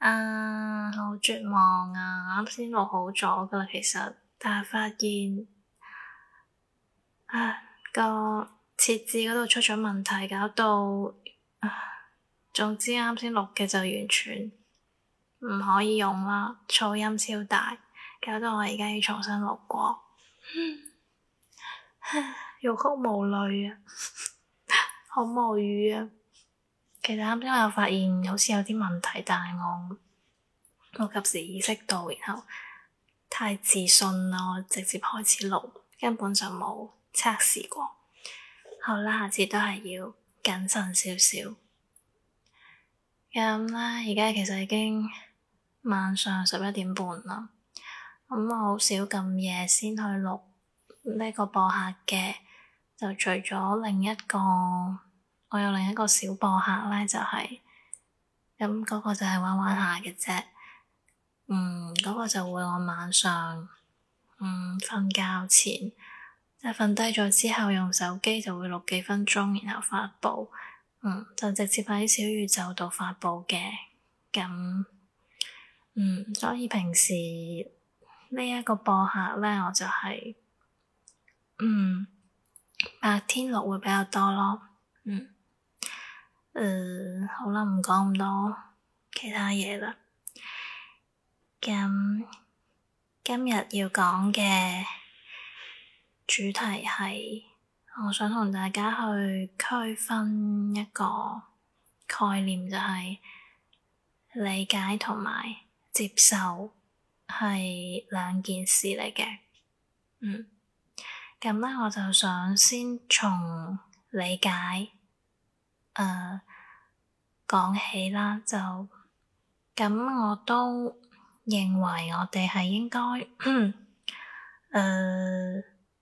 啊，uh, 好絕望啊！啱先錄好咗噶啦，其實，但係發現啊個設置嗰度出咗問題，搞到、啊、總之啱先錄嘅就完全唔可以用啦，噪音超大，搞到我而家要重新錄過，嗯、唉、欲哭無淚啊，好無語啊！其實啱先，我發現好似有啲問題，但係我我冇及時意識到，然後太自信啦，我直接開始錄，根本就冇測試過。好啦，下次都係要謹慎少少。咁、嗯、咧，而家其實已經晚上十一點半啦。咁我好少咁夜先去錄呢個播客嘅，就除咗另一個。我有另一個小播客咧，就係咁嗰個就係玩玩下嘅啫。嗯，嗰、那個就會我晚上，嗯瞓覺前，即係瞓低咗之後，用手機就會錄幾分鐘，然後發布。嗯，就直接喺小宇宙度發布嘅。咁，嗯，所以平時呢一個播客咧，我就係、是，嗯，白天錄會比較多咯。嗯。誒、嗯，好啦，唔講咁多其他嘢啦。咁今日要講嘅主題係，我想同大家去區分一個概念，就係理解同埋接受係兩件事嚟嘅。嗯，咁咧我就想先從理解。誒，講、uh, 起啦，就咁，我都認為我哋係應該誒、呃，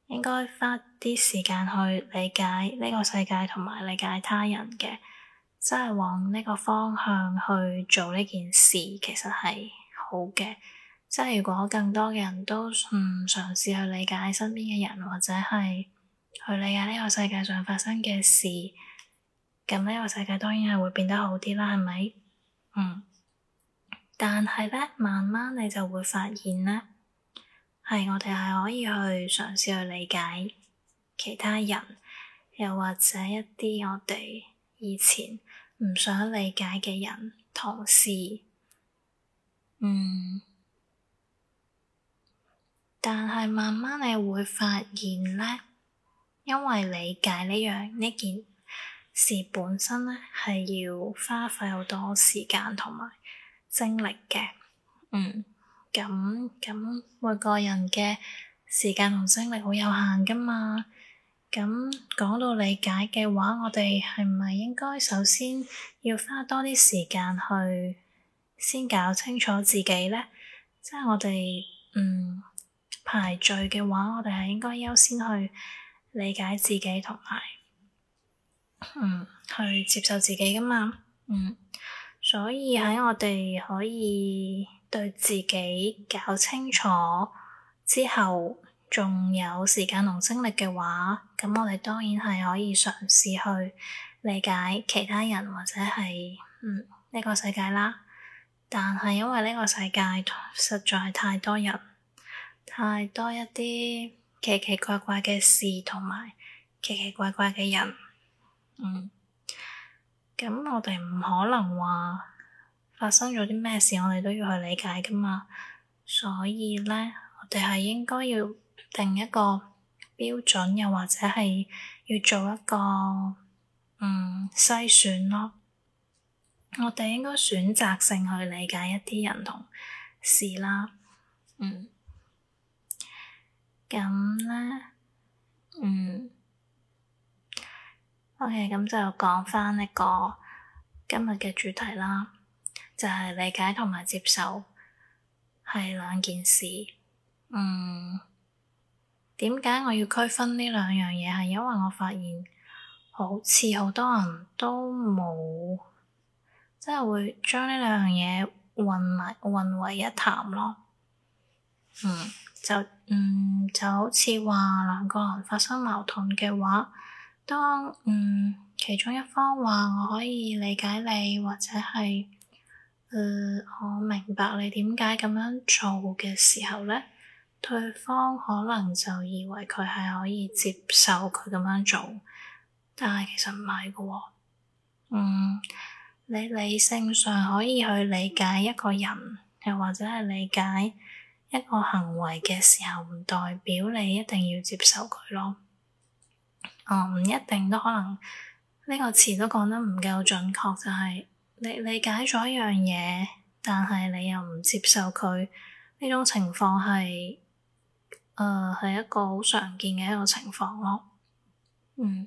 應該花啲時間去理解呢個世界同埋理解他人嘅，即、就、係、是、往呢個方向去做呢件事，其實係好嘅。即、就、係、是、如果更多嘅人都唔嘗試去理解身邊嘅人，或者係去理解呢個世界上發生嘅事。咁呢個世界當然係會變得好啲啦，係咪？嗯，但係咧，慢慢你就會發現咧，係我哋係可以去嘗試去理解其他人，又或者一啲我哋以前唔想理解嘅人、同事。嗯，但係慢慢你會發現咧，因為理解呢樣呢件事本身咧，係要花費好多時間同埋精力嘅。嗯，咁咁，每個人嘅時間同精力好有限噶嘛。咁講到理解嘅話，我哋係唔係應該首先要花多啲時間去先搞清楚自己咧？即係我哋嗯排序嘅話，我哋係應該優先去理解自己同埋。嗯，去接受自己噶嘛，嗯，所以喺我哋可以對自己搞清楚之後，仲有時間同精力嘅話，咁我哋當然係可以嘗試去理解其他人或者係嗯呢個世界啦。但係因為呢個世界實在太多人，太多一啲奇奇怪怪嘅事同埋奇奇怪怪嘅人。嗯，咁我哋唔可能話發生咗啲咩事，我哋都要去理解㗎嘛。所以咧，我哋係應該要定一個標準，又或者係要做一個嗯篩選咯。我哋應該選擇性去理解一啲人同事啦。嗯，咁咧，嗯。OK，咁就講翻呢個今日嘅主題啦，就係理解同埋接受係兩件事。嗯，點解我要區分呢兩樣嘢？係因為我發現好似好多人都冇，即係會將呢兩樣嘢混埋混為一談咯。嗯，就嗯就好似話兩個人發生矛盾嘅話。當嗯其中一方話我可以理解你，或者係，誒、呃、我明白你點解咁樣做嘅時候咧，對方可能就以為佢係可以接受佢咁樣做，但係其實唔係嘅喎。嗯，你理性上可以去理解一個人，又或者係理解一個行為嘅時候，唔代表你一定要接受佢咯。哦，唔、嗯、一定都可能呢、呢個詞都講得唔夠準確，就係、是、你理解咗一樣嘢，但係你又唔接受佢呢種情況係，誒、呃、係一個好常見嘅一個情況咯。嗯，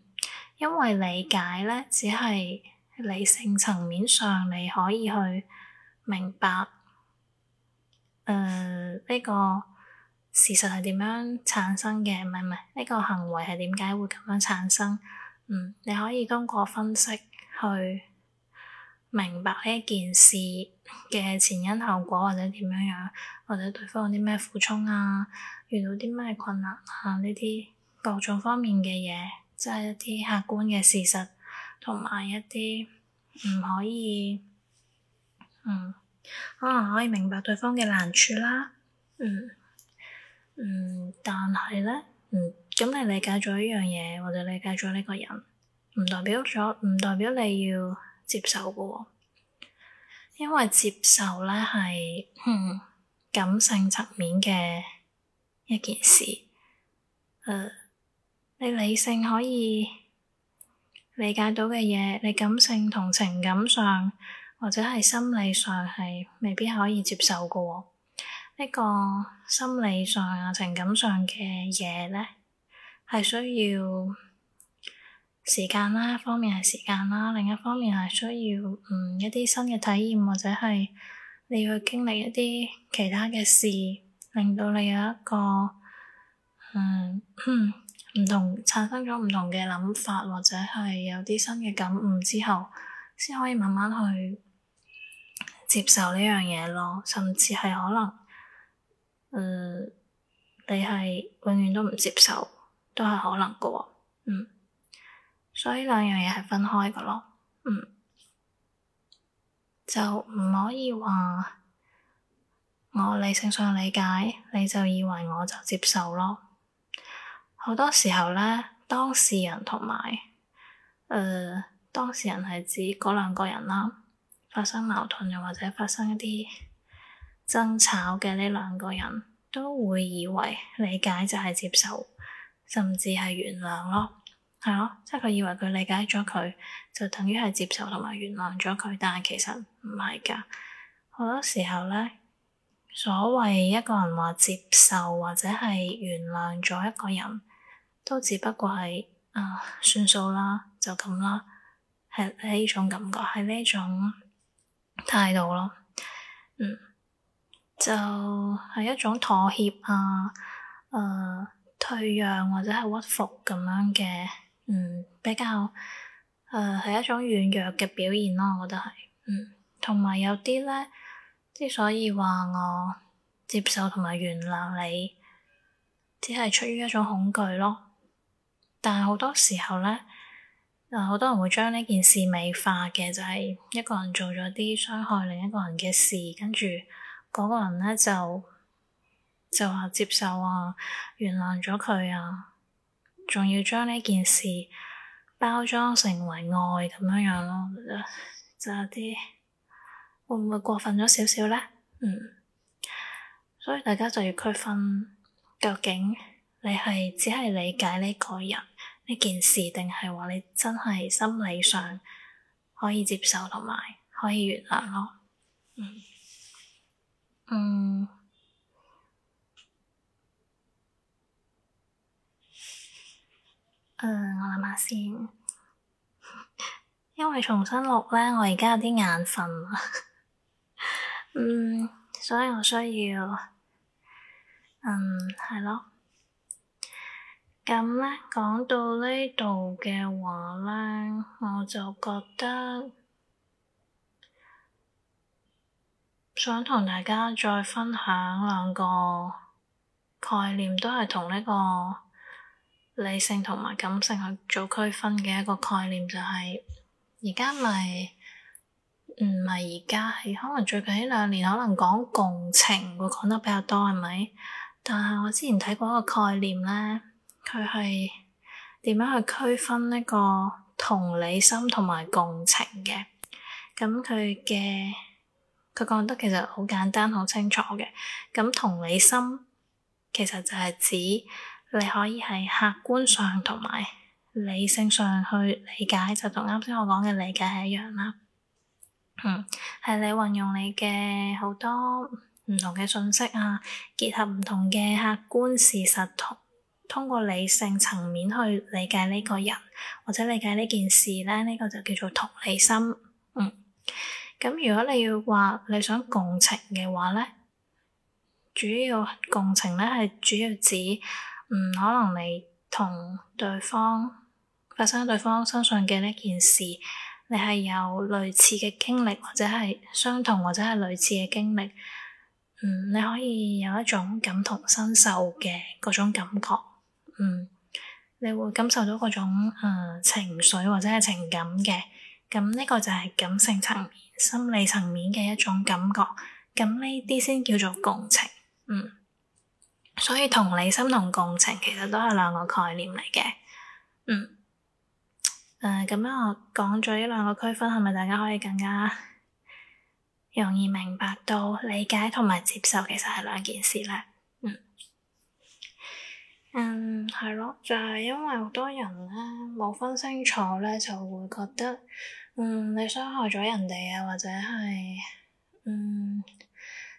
因為理解咧，只係理性層面上你可以去明白誒呢、呃呢個。事實係點樣產生嘅？唔係唔係呢個行為係點解會咁樣產生？嗯，你可以通過分析去明白呢件事嘅前因後果，或者點樣樣，或者對方有啲咩苦衷啊，遇到啲咩困難啊，呢啲各種方面嘅嘢，即係一啲客觀嘅事實，同埋一啲唔可以，嗯，可能可以明白對方嘅難處啦，嗯。嗯，但係咧，嗯，咁你理解咗呢樣嘢或者理解咗呢個人，唔代表咗，唔代表你要接受㗎喎，因為接受咧係，嗯，感性層面嘅一件事，誒、呃，你理性可以理解到嘅嘢，你感性同情感上或者係心理上係未必可以接受㗎喎。一個心理上啊、情感上嘅嘢咧，係需要時間啦，一方面係時間啦，另一方面係需要嗯一啲新嘅體驗，或者係你要去經歷一啲其他嘅事，令到你有一個嗯唔 同產生咗唔同嘅諗法，或者係有啲新嘅感悟之後，先可以慢慢去接受呢樣嘢咯，甚至係可能。嗯、你係永遠都唔接受，都係可能嘅，嗯。所以兩樣嘢係分開嘅咯，嗯。就唔可以話我理性上理解，你就以為我就接受咯。好多時候咧，當事人同埋誒，當事人係指嗰兩個人啦，發生矛盾又或者發生一啲。爭吵嘅呢兩個人都會以為理解就係接受，甚至係原諒咯，係咯，即係佢以為佢理解咗佢，就等於係接受同埋原諒咗佢，但係其實唔係噶。好多時候咧，所謂一個人話接受或者係原諒咗一個人，都只不過係啊、呃、算數啦，就咁啦，係呢種感覺，係呢種態度咯，嗯。就係一種妥協啊，誒、呃、退讓或者係屈服咁樣嘅，嗯，比較誒係、呃、一種軟弱嘅表現咯。我覺得係嗯，同埋有啲咧，之所以話我接受同埋原諒你，只係出於一種恐懼咯。但係好多時候咧，啊、呃、好多人會將呢件事美化嘅，就係、是、一個人做咗啲傷害另一個人嘅事，跟住。嗰個人咧就就話接受啊，原諒咗佢啊，仲要將呢件事包裝成為愛咁樣樣啊咯，就有啲會唔會過分咗少少咧？嗯，所以大家就要區分，究竟你係只係理解呢個人呢件事，定係話你真係心理上可以接受同埋可以原諒咯啊？嗯。嗯，我諗下先， 因為重新錄咧，我而家有啲眼瞓 嗯，所以我需要，嗯，係咯，咁咧講到呢度嘅話咧，我就覺得。想同大家再分享兩個概念，都係同呢個理性同埋感性去做區分嘅一個概念，就係而家咪唔係而家，係可能最近呢兩年可能講共情會講得比較多，係咪？但係我之前睇過一個概念咧，佢係點樣去區分呢個同理心同埋共情嘅？咁佢嘅。佢講得其實好簡單、好清楚嘅。咁同理心其實就係指你可以係客觀上同埋理性上去理解，就同啱先我講嘅理解係一樣啦。嗯，係你運用你嘅好多唔同嘅信息啊，結合唔同嘅客觀事實，同通過理性層面去理解呢個人或者理解呢件事咧，呢個就叫做同理心。嗯。咁如果你要話你想共情嘅話咧，主要共情咧係主要指，嗯，可能你同對方發生對方身上嘅呢件事，你係有類似嘅經歷或者係相同，或者係類似嘅經歷，嗯，你可以有一種感同身受嘅嗰種感覺，嗯，你會感受到嗰種誒、嗯、情緒或者係情感嘅，咁呢個就係感性層面。心理層面嘅一種感覺，咁呢啲先叫做共情。嗯，所以同理心同共情其實都係兩個概念嚟嘅。嗯，誒、呃、咁樣我講咗呢兩個區分，係咪大家可以更加容易明白到理解同埋接受其實係兩件事咧？係咯，就係因為好多人咧，冇分清楚咧，就會覺得，嗯，你傷害咗人哋啊，或者係，嗯，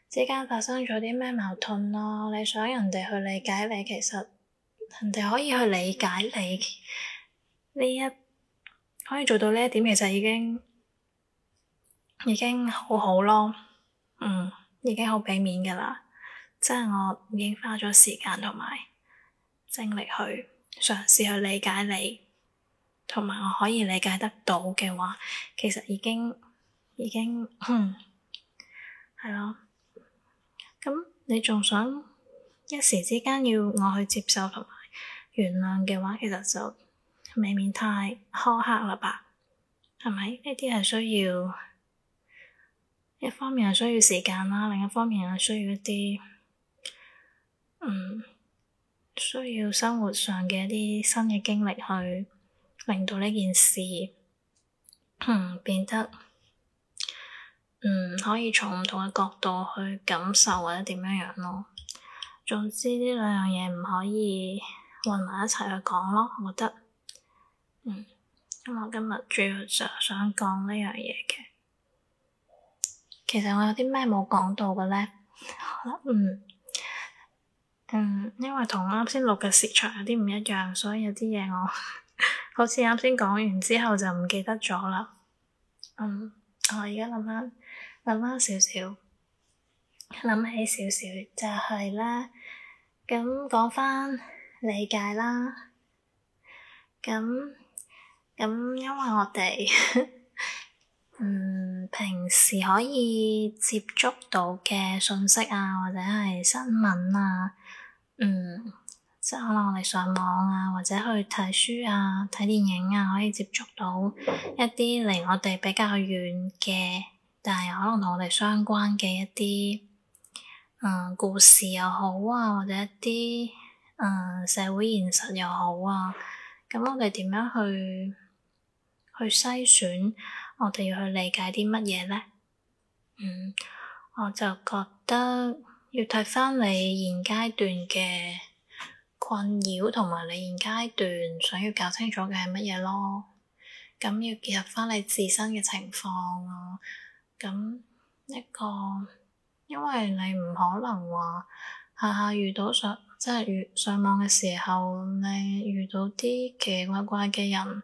之間發生咗啲咩矛盾咯？你想人哋去理解你，其實人哋可以去理解你呢一，可以做到呢一點，其實已經已經好好咯，嗯，已經好俾面噶啦，即係我已經花咗時間同埋。精力去嘗試去理解你，同埋我可以理解得到嘅話，其實已經已經，嗯，係咯。咁你仲想一時之間要我去接受同埋原諒嘅話，其實就未免太苛刻了吧？係咪？呢啲係需要一方面係需要時間啦，另一方面係需要一啲嗯。需要生活上嘅一啲新嘅經歷去令到呢件事，嗯，變得，嗯，可以從唔同嘅角度去感受或者點樣樣咯。總之呢兩樣嘢唔可以混埋一齊去講咯。我覺得，嗯，因為我今日主要就想講呢樣嘢嘅。其實我有啲咩冇講到嘅咧？好啦，嗯。嗯，因為同啱先錄嘅時長有啲唔一樣，所以有啲嘢我 好似啱先講完之後就唔記得咗啦。嗯，我而家諗翻諗翻少少，諗起少少就係咧，咁講翻理解啦。咁，咁，因為我哋 嗯，平時可以接觸到嘅信息啊，或者係新聞啊。嗯，即係可能我哋上網啊，或者去睇書啊、睇電影啊，可以接觸到一啲離我哋比較遠嘅，但係可能同我哋相關嘅一啲，誒、嗯、故事又好啊，或者一啲誒、嗯、社會現實又好啊，咁我哋點樣去去篩選，我哋要去理解啲乜嘢咧？嗯，我就覺得。要睇翻你現階段嘅困擾，同埋你現階段想要搞清楚嘅係乜嘢咯。咁要結合翻你自身嘅情況啊。咁一個，因為你唔可能話下下遇到上，即係遇上網嘅時候，你遇到啲奇奇怪怪嘅人。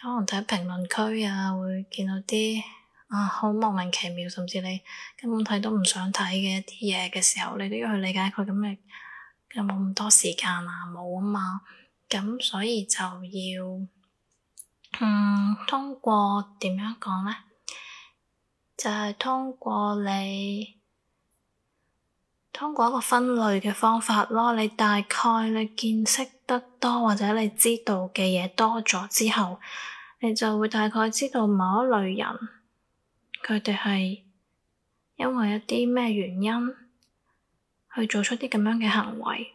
可能睇評論區啊，會見到啲。啊！好莫名其妙，甚至你根本睇都唔想睇嘅一啲嘢嘅時候，你都要去理解佢。咁你有冇咁多時間啊，冇啊嘛？咁所以就要，嗯，通過點樣講咧？就係通過你通過一個分類嘅方法咯。你大概你見識得多，或者你知道嘅嘢多咗之後，你就會大概知道某一類人。佢哋係因為一啲咩原因去做出啲咁樣嘅行為，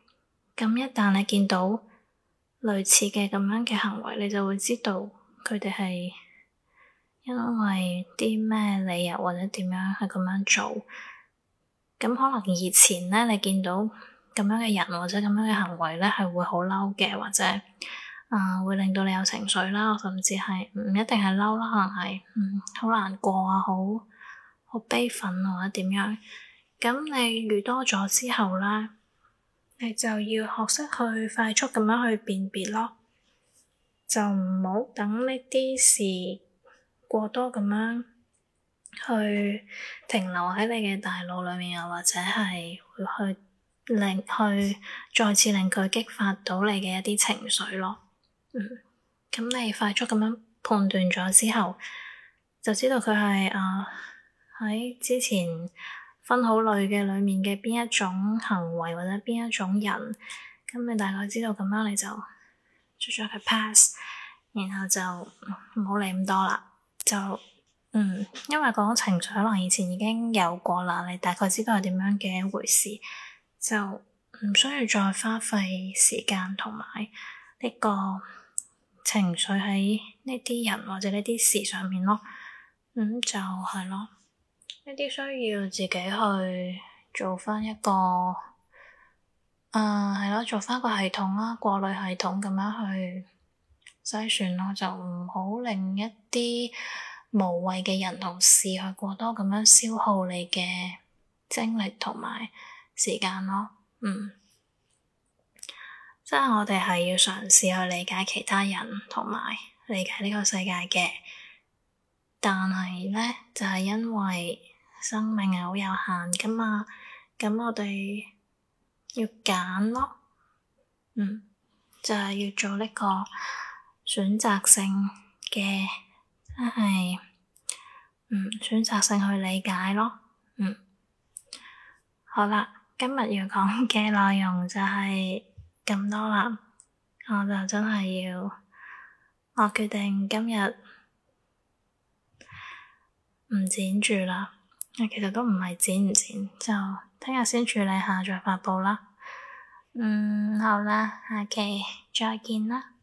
咁一旦你見到類似嘅咁樣嘅行為，你就會知道佢哋係因為啲咩理由或者點樣去咁樣做，咁可能以前咧你見到咁樣嘅人或者咁樣嘅行為咧係會好嬲嘅，或者。啊、嗯，會令到你有情緒啦，甚至係唔一定係嬲啦，可能係嗯好難過啊，好好悲憤啊或者點樣咁。你遇多咗之後咧，你就要學識去快速咁樣去辨別咯，就唔好等呢啲事過多咁樣去停留喺你嘅大腦裏面，又或者係會去令去再次令佢激發到你嘅一啲情緒咯。嗯，咁你快速咁樣判斷咗之後，就知道佢係啊喺之前分好類嘅裏面嘅邊一種行為或者邊一種人，咁你大概知道咁樣你就出咗佢 pass，然後就唔好、嗯、理咁多啦，就嗯，因為嗰種情緒可能以前已經有過啦，你大概知道係點樣嘅一回事，就唔需要再花費時間同埋呢個。情緒喺呢啲人或者呢啲事上面咯，咁、嗯、就係、是、咯，呢啲需要自己去做翻一個，啊、呃，係咯，做翻個系統啦，過濾系統咁樣去篩選咯，就唔好令一啲無謂嘅人同事去過多咁樣消耗你嘅精力同埋時間咯，嗯。即係我哋係要嘗試去理解其他人，同埋理解呢個世界嘅。但係咧，就係、是、因為生命係好有限噶嘛，咁我哋要揀咯嗯、就是要，嗯，就係要做呢個選擇性嘅，即係嗯選擇性去理解咯，嗯。好啦，今日要講嘅內容就係、是。咁多啦，我就真係要，我決定今日唔剪住啦。其實都唔係剪唔剪，就聽日先處理下再發布啦。嗯，好啦，下期再見啦。